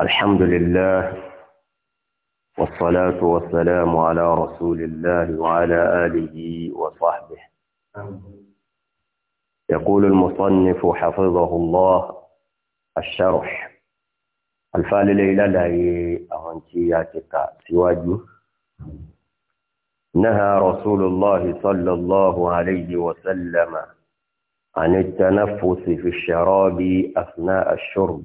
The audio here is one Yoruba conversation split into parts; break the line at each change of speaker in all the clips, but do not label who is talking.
الحمد لله والصلاة والسلام على رسول الله وعلى آله وصحبه يقول المصنف حفظه الله الشرح الفال ليلة لا أغنتياتك سواجه نهى رسول الله صلى الله عليه وسلم عن التنفس في الشراب أثناء الشرب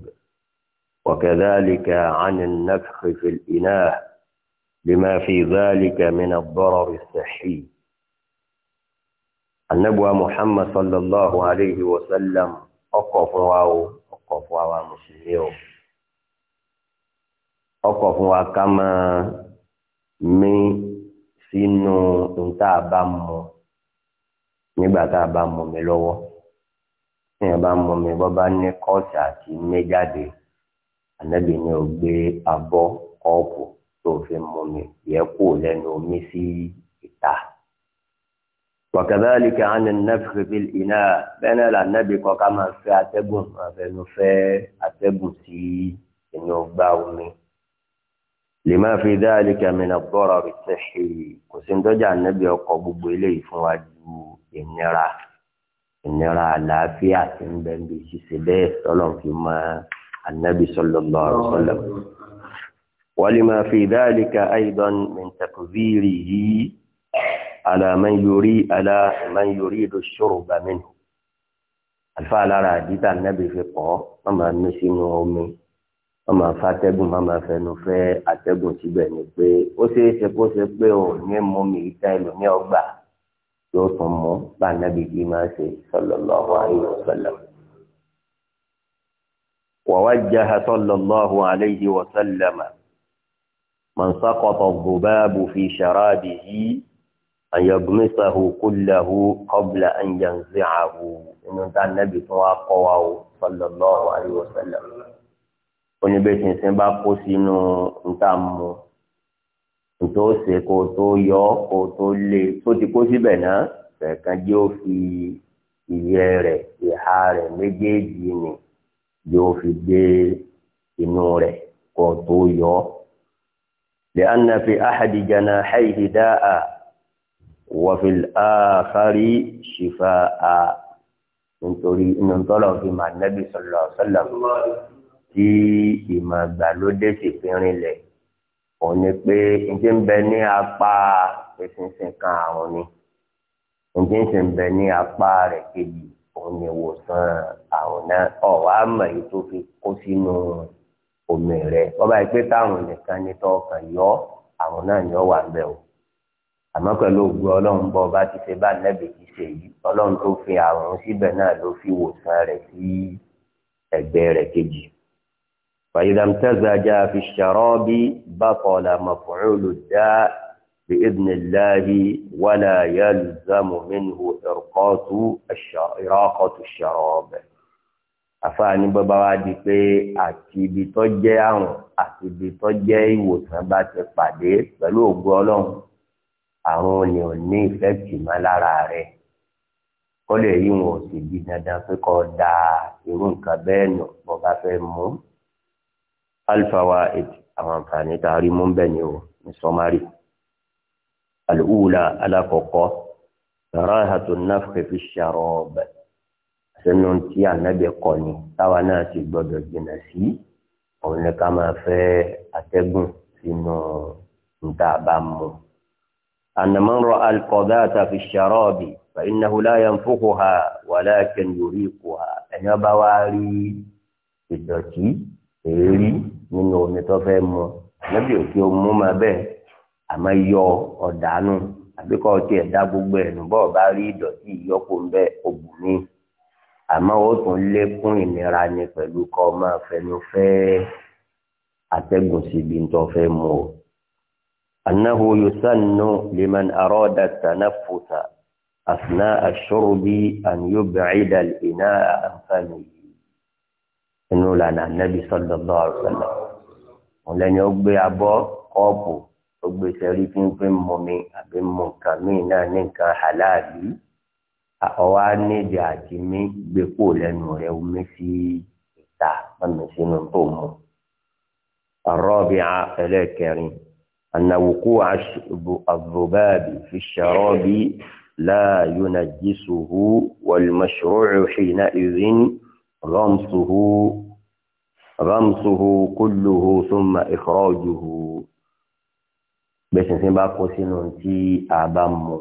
وكذلك عن النفخ في الإناء لما في ذلك من الضرر الصحي النبوة محمد صلى الله عليه وسلم أقف واو أقف واو مسلميو أقف واو كما من sínú nta bá mu nígbà tá a bá mu mi lọ́wọ́ tí èèyàn bá mu mi bọ́ bá ní kọ́ọ̀sì àti méjáde ànábì ni ó gbé abọ́ kọ́ọ̀pù tó fi mú mi yẹ kó lẹ́nu omi sí ìta. وكذلك عن النفخ في الإناء بين النبي كما في أتبون فإنه في أتبون سي إنه باومي lèmá fi dáàlìkà mìíràn bọ́rọ̀ rẹ̀ tẹ̀sí kò sí ńdọ́jà níbi ọkọ̀ gbogbo eléyìí fún wa ju ìnira ìnira àlàáfíà tí ń bẹ níbi ṣíṣe bẹ́ẹ̀ tọ́lọ̀ fi máa النبي صلى الله عليه وسلم ولما في ذلك أيضا من تكبيره على من يريد على من يريد الشرب منه alfa lára àdìtà nẹ́bí fi pọ̀ wọ́n máa mí sínú omi wọ́n máa fa atẹ́gùn wọ́n máa fẹnu fẹ́ atẹ́gùn síbẹ̀ ni pé ó ṣeé ṣe kó ṣe pé ò ní mú mi ìta ẹlòmíì ọgbà yóò tún mú bá nẹ́bí kí máa ṣe sallallahu alaihi wasallam. ووجه صلى الله عليه وسلم من سقط الذباب في شرابه أن يغمسه كله قبل أن ينزعه إن كان النبي توقعه صلى الله عليه وسلم oni bẹ́ẹ̀ tí ń sin bá kó sínú nta mu ntó ṣe kó tó yọ kó tó lé tó ti kó síbẹ̀ náà fẹ̀ẹ̀kan jẹ́ ó fi ìyẹ́ rẹ̀ ìhà rẹ̀ méjèèjì nì yóò fi gbé inú rẹ̀ kó tó yọ ọ́. لأن في أحد جناحيه داء وفي الآخر شفاء nítorí inú tọ́lọ̀ fi máa nẹ́bí sọ̀lọ̀ sọ́lọ̀ tí ìmọ̀ ìgbàlódé sì fi rinlẹ̀ òun ni pé n ti ń bẹ ní apá ìsinsin kan àrùn ni n ń sì ń bẹ ní apá rẹ̀ kejì omi ìwòsàn àrùn náà ọwọ àmọ́ yìí tó fi kó sínú omi rẹ ọba ìpè táwọn nìkan ní tọkàn yọ àrùn náà ni ọ wà ń bẹ o àmọ́ pẹ̀lú ògbó Ọlọ́run bọ ọba ti ṣe bá nẹbi ti ṣe yìí Ọlọ́run tó fi àrùn síbẹ̀ náà ló fi ìwòsàn rẹ sí ẹ̀gbẹ́ rẹ kejì. فإذا امتزج في الشراب بطل مفعول الداء بإذن الله ولا يلزم منه إرقاة إراقة الشراب àfààní bàbá wa di pé àti ibi tó jẹ́ àrùn àti ibi tó jẹ́ ìwòsàn bá ti pàdé pẹ̀lú ògo Ọlọ́run àrùn ni ò ní ìfẹ́kì má lára rẹ̀ kọ́lẹ̀ yìí wọn ò sì di dandan pé kó da irú nǹkan bẹ́ẹ̀ nù bó bá mú alfa àwọn àǹfààní tá a rí mú bẹ́ẹ̀ ni o ní sọmárì alùwùlà alákọ̀ọ́kọ́ karahatun nafkhi fi sharab sínú tí ànábì kọ́ ni táwa náà sì gbọ́dọ̀ jìnnà sí òun ni ká máa fẹ́ atẹ́gùn sínú níta bá mú. أن من رأى القذاة في الشراب فإنه لا ينفخها ولكن يريقها أن يبواري ìdọ̀tí èérí nínú omi tó fẹ́ mu ànábì òkè òun bẹ́ẹ̀ àmọ́ yọ ọ̀dàánú àbí kọ́ ọtí ẹ̀dá gbogbo ẹ̀nu bọ́ọ̀ bá rí ìdọ̀tí ìyọ́pọ̀ ń bẹ́ ògùn ní àmọ́ ó tún lékún ìnira ni pẹ̀lú kọ́ máa fẹnu fẹ́ atẹ́gùn síbi ń tọ́ fẹ́ mu o. annahu yusannu liman arada tanafusa asna ashurbi an yub'ida al-ina anfani inú lànà nabi sallallahu alaihi wasallam òun ó gbé abọ́ kọ́ọ̀pù ogbe ìṣẹ́rí tí pe momi ń mọ mi na mọ nǹkan halali a o wa ni de àti mí gbé kó lẹ́nu rẹ̀ o fi omi ma ìta se no tó mo arabi'a mu. الرابعة الكريم أن وقوع الذباب في الشراب لا ينجسه والمشروع حينئذ غمسه غمسه كله ثم إخراجه gbèsìnsìn bá kó sínú tí a bá mọ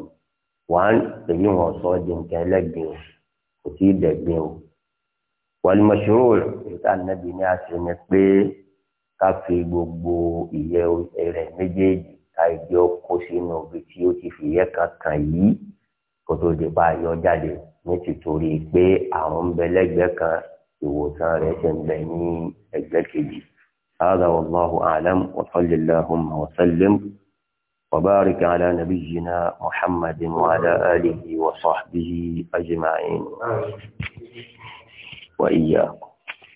wọn èyí wọn sọ di nǹkan ẹlẹgbin o kò tí ì dẹgbin o wàlúmọṣúrò ìta nàbí ní àṣẹ ni pé ká fi gbogbo ìyẹ́ rẹ̀ méjèèjì ká ìjọ kó sínú ibi tí ó ti fìyẹ́ kankan yìí kó tó di bá yọ jáde ní tìtorí pé àrùn ń kan ìwòsàn rẹ̀ ṣe ń bẹ ní ẹgbẹ́ kejì. هذا والله أعلم وصل اللهم وسلم وبارك على نبينا محمد وعلى آله وصحبه أجمعين وإياكم